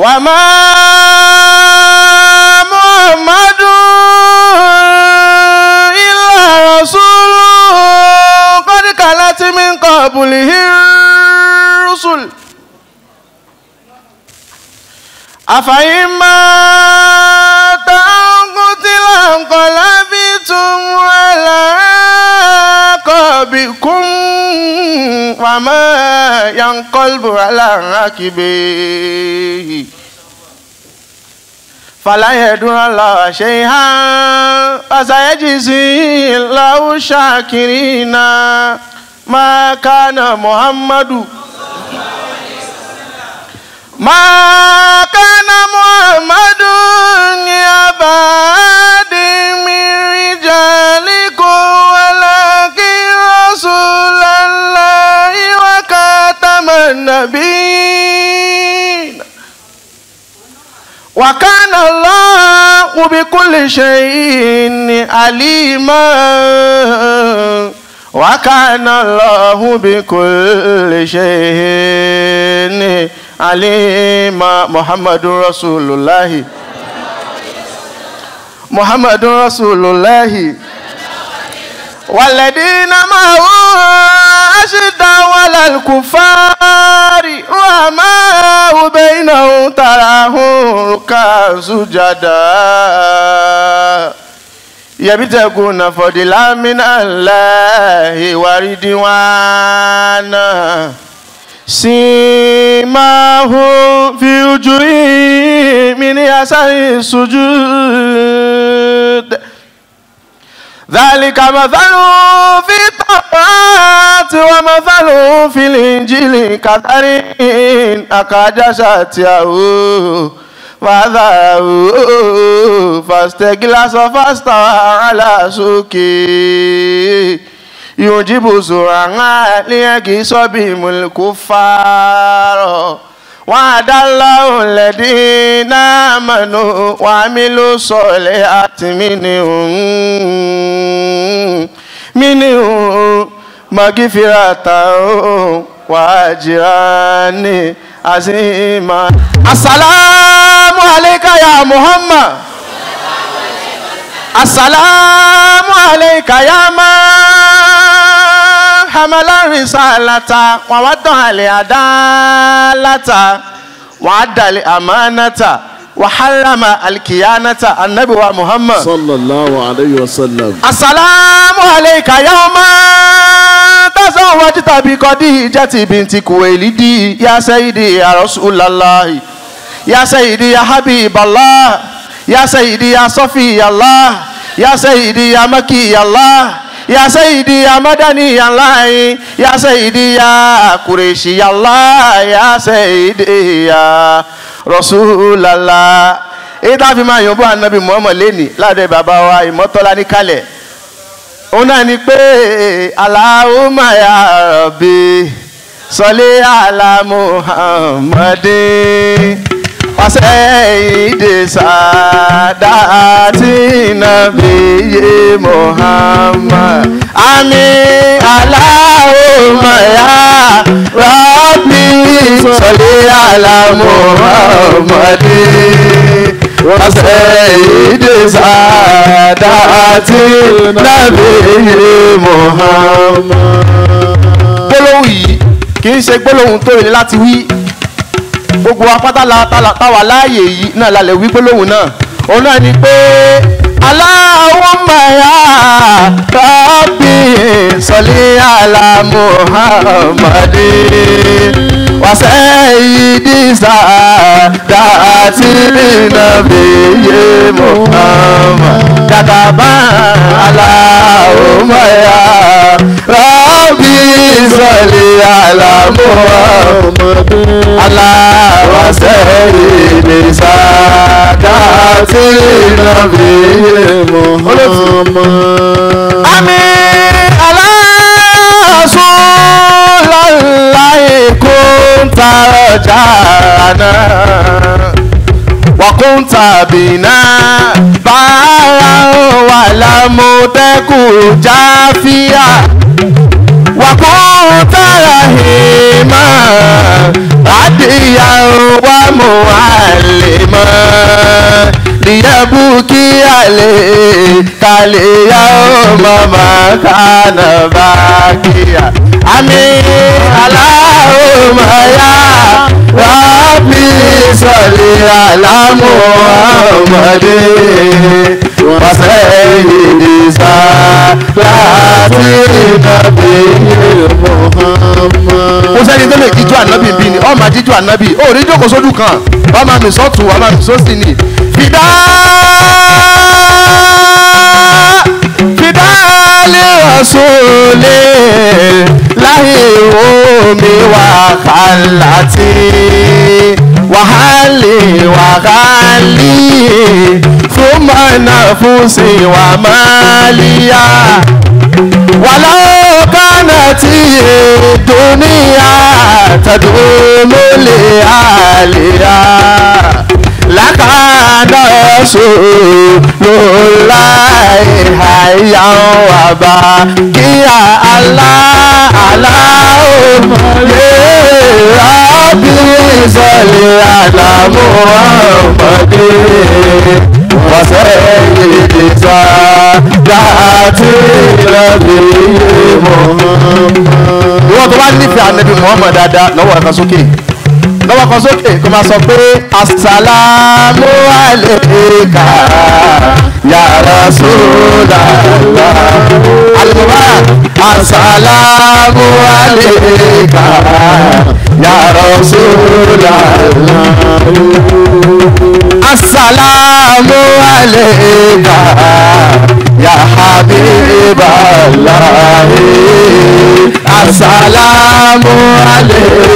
wàmà muhammadu ilà rasulu kọ́díkà láti mi ń kọ́ bulihi rusul. àfàyín máa tán kútìlà nǹkan lábí tún wà láàkọ̀ bí kún wàmà. ينقلب على عقبيه فلا يدر الله شيئا وسيجزي الله شاكرين ما كان محمد ما كان محمد يبقى النبيين وكان الله بكل شيء عليما وكان الله بكل شيء عليما محمد رسول الله محمد رسول الله والذين هو أشد ولا الكفار رحماء بينهم تراهم ركعا سجدا يبتغون فضلا من الله ورضوانا سيماهم في وجوههم من أثر السجود ذلك مثل في التوراة ومثل في الإنجيل كزرع أخرج شطأه فذره فاستغلظ فاستوى على سوقه يعجب زرعاء ليغيظ بهم الكفار وعد الله الذين آمنوا وعملوا الصالحات منهم منهم مغفرة وأجرا عظيما السلام عليك يا محمد السلام عليك يا محمد hamala risalata wa wadda al-adalata wa adda al-amanata wa harrama al-kiyanata annabi wa muhammad sallallahu alaihi wa sallam assalamu alayka yawma tazawwajta bi khadijati binti kuwailidi ya sayyidi ya rasulullah ya sayyidi ya habiballah ya sayyidi ya safi allah ya sayyidi ya maki ya sayyidi ya madani ya lahi ya sayyidi ya kureshi ya la ya sayyidi ya Rasulallah èyí tá a fi máa yọ̀bọ̀ ànábì muhammed lẹ́nì ládẹ́ bàbá wa ìmọ̀tọ́lá ní kalẹ̀ òun ni pé Allahumma ya Rabbi sọlé ala muhammadi pàṣẹ ìdèsà dàtí nàbíyé muhammad mi aláhùnmọ̀ yá rọ́bì sọ̀lẹ́ àlàmọ̀ ọmọdé wọ́sẹ̀ ìdè sàdá àti nàbẹ̀yẹ Muhammad. gbólóhùn yìí kì í ṣe gbólóhùn tó rìn láti wí gbogbo apátálà táwa láàyè yìí náà lálẹ́ wí gbólóhùn náà òun náà ni pé. اللهم يا ربي صل على محمد وسيدي ساداتي النبي محمد كتبا اللهم يا ربي صل على محمد الله وسيدي ساداتي kàtí nàbí Muhammad. àmì aláṣọláì kò ń ta Wakunta bina wàkúntà bìnà bàárà wà Wakunta jáfíà wàkúntà rahimah adìyà wà mú àlèmọ́. Maryamu kí àlè kàlẹ́yà ó màmá kànà bá kíyà. Àmì Allahumma ya Rabbi salli ala Muhammadin wa sayyidi salati nabiyil Muhammad. Mo sẹ́ni tó lè kíjú ànábì bí ni, ọmọ àjíjú ànábì, ó rí jókòó sójú kan, ọmọ mi sọ́tún, ọmọ mi sósì ni fìdá fìdá lè rọ̀sọ̀lẹ̀ láyé omi wàhálà wahali, wàhálì wàhálì fún mọ́nà fún sí wàmálíyà wàlọ́wọ́ kánà tí èdò níyà tàdúró nọ́ọ̀sù ló láì àyà wàbà kíá alá alá òmùlé rábì ìsọ̀lẹ̀ àlàmú ọ̀mọdé wọ́sẹ̀ ìdìtà láti rẹ̀mí yé mọ́. ìwọ́n tó bá nífẹ̀ẹ́ ànábì Muhammad dáadáa lọ́wọ́ ẹ̀ka sókè lọ́wọ́ kan sókè kó máa sọ pé asàlámù àlèkà ya Rasulallah àlùbá asàlámù àlèkà ya Rasulallah. Assalamu alayka ya Habiballah Assalamu alayka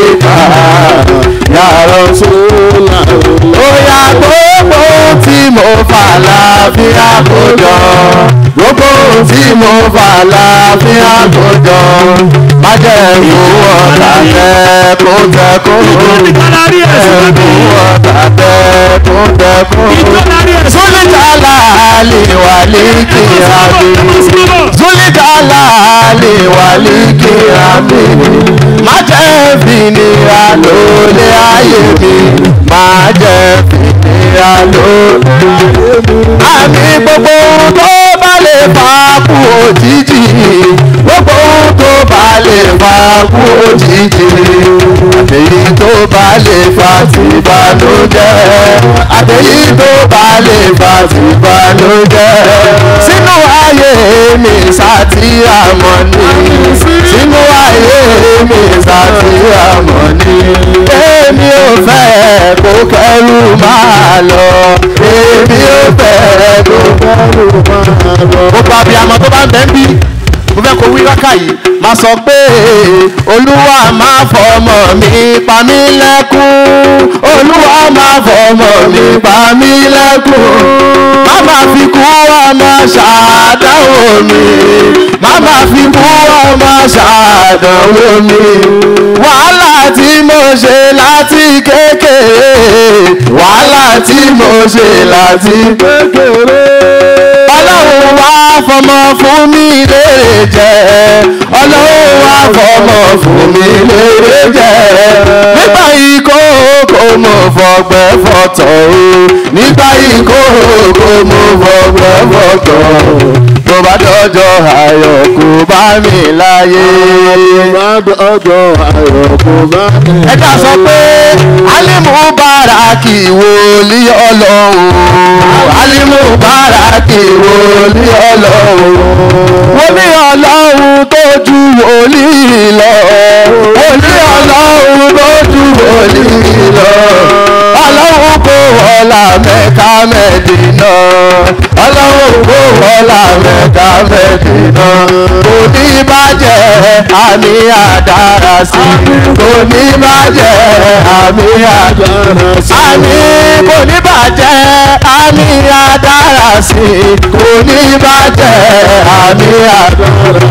ọ̀tún là ó. Bóyá gbogbo tí mo fà láàfíà kò jọ. Gbogbo tí mo fà láàfíà kò jọ. Májẹ̀mú ọ̀tá tẹ kó tẹ kó. Májẹ̀mú ọ̀tá tẹ kó tẹ kó. Sólítàlá àlè wà ní kìí àbí kúlíkàlà lè wà ní kíramì má jẹ́ fìnira lólè ayé mi má jẹ́ fìnira lólè ayé mi. àmì gbogbo ohun tó bá lè fà kú òjijì gbogbo ohun tó bá lè fà kú òjijì àtẹ̀yí tó bá lè fà sí ìbànújẹ́ àtẹ̀yí tó bá lè fà sí ìbànújẹ́ mi sátì àmọ́ ni sínú ayé mi sátì àmọ́ ni èmi ò fẹ́ kó kẹ́rù máa lọ èmi ò fẹ́ kó kẹ́rù máa lọ. gbogbo abiyamọ tó bá ń bẹ́ ń bí rákà yìí máa sọ pé olúwa máa fọmọ mi pa mí lẹ́kún olúwa máa fọmọ mi pa mí lẹ́kún má má fi kú ọmọ ṣàdánwò mi má má fi kú ọmọ ṣàdánwò mi wàhálà tí mo ṣe láti kékeré wàhálà tí mo ṣe láti kékeré fọmọ fún mi lérè jẹ ọlọ́run wá fọmọ fún mi lérè jẹ nígbà yìí kó kó mo fọgbẹ́ fọtọ̀ o nígbà yìí kó kó mo fọgbẹ́ fọtọ̀ o tó bá dọ́jọ́ ayọ̀ kò bá mi láyé. tó bá dọ́jọ́ ayọ̀ kò bá mi láyé. ẹ̀ka sọ pé alimu bára kì í wòlíì ọlọ́run alimu bára kì í wòlíì ọlọ́run. wòlíì ọlọ́run tó ju wòlíì lọ. wòlíì ọlọ́run tó ju wòlíì lọ. ọlọ́run kò wọlá mẹ́ka mẹ́dínà. ọlọ́run kò wọlá mẹ́ka mẹ́dínà. òní ní bàjẹ́ àmì àdára sí kò ní bàjẹ́ àmì àdára sí àmì kò ní bàjẹ́ àmì àdára sí kò ní bàjẹ́ àmì àdára sí.